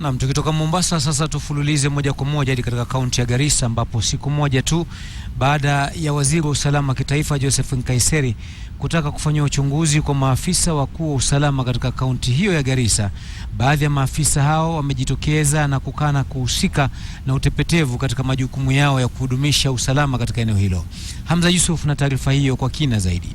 nam tukitoka Mombasa sasa tufululize moja kwa moja hadi katika kaunti ya Garissa ambapo siku moja tu baada ya Waziri wa Usalama Kitaifa Joseph Nkaiseri kutaka kufanya uchunguzi kwa maafisa wakuu wa usalama katika kaunti hiyo ya Garissa, baadhi ya maafisa hao wamejitokeza na kukana kuhusika na utepetevu katika majukumu yao ya kuhudumisha usalama katika eneo hilo. Hamza Yusuf na taarifa hiyo kwa kina zaidi.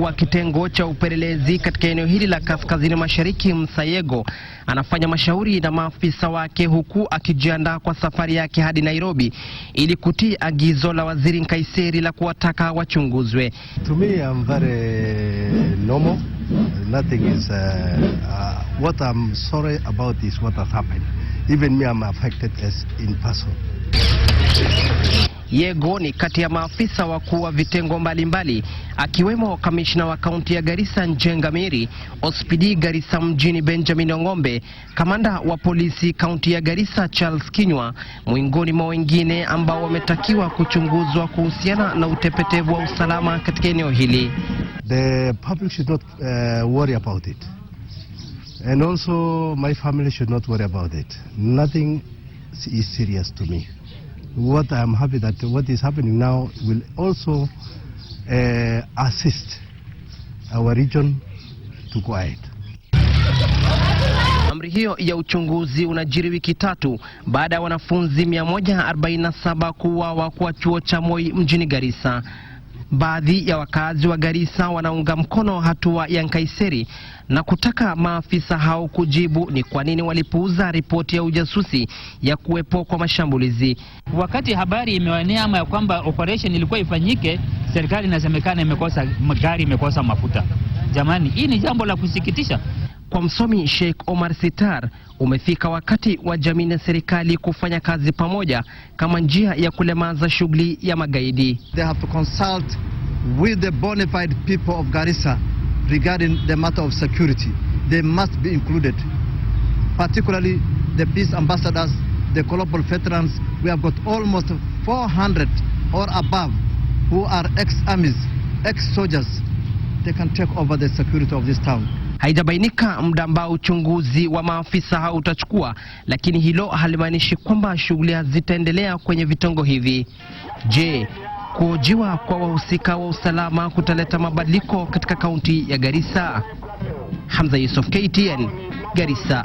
wa kitengo cha upelelezi katika eneo hili la kaskazini mashariki Msayego anafanya mashauri na maafisa wake huku akijiandaa kwa safari yake hadi Nairobi ili kutii agizo la waziri Nkaiseri la kuwataka wachunguzwe. To me I'm very normal. Nothing is, uh, uh, what I'm sorry about is what has happened. Even me I'm affected as in person. Yego ni kati ya maafisa wakuu wa vitengo mbalimbali akiwemo kamishna wa kaunti ya Garissa Njenga Miri, ospidi Garissa mjini Benjamin Ong'ombe, kamanda wa polisi kaunti ya Garissa Charles Kinywa, miongoni mwa wengine ambao wametakiwa kuchunguzwa kuhusiana na utepetevu wa usalama katika eneo hili. The public should not uh, worry about it. And also my family should not worry about it. Nothing is serious to me what I am happy that what is happening now will also uh, assist our region to quiet. Amri hiyo ya uchunguzi unajiri wiki tatu baada ya wanafunzi 147 kuuawa kwa chuo cha Moi mjini Garissa. Baadhi ya wakazi wa Garissa wanaunga mkono hatua ya Nkaiseri na kutaka maafisa hao kujibu ni kwa nini walipuuza ripoti ya ujasusi ya kuwepo kwa mashambulizi. Wakati habari imewania ama ya kwamba operation ilikuwa ifanyike, serikali inasemekana imekosa gari, imekosa mafuta. Jamani, hii ni jambo la kusikitisha. Kwa msomi Sheikh Omar Sitar, umefika wakati wa jamii na serikali kufanya kazi pamoja kama njia ya kulemaza shughuli ya magaidi. They have to consult with the bona fide people of Garissa regarding the matter of security. They must be included, particularly the peace ambassadors, the global veterans. We have got almost 400 or above who are ex-armies, ex-soldiers. They can take over the security of this town. Haijabainika muda ambao uchunguzi wa maafisa hao utachukua, lakini hilo halimaanishi kwamba shughuli zitaendelea kwenye vitongo hivi. Je, Kuojiwa kwa wahusika wa usalama kutaleta mabadiliko katika kaunti ya Garissa. Hamza Yusuf, KTN, Garissa.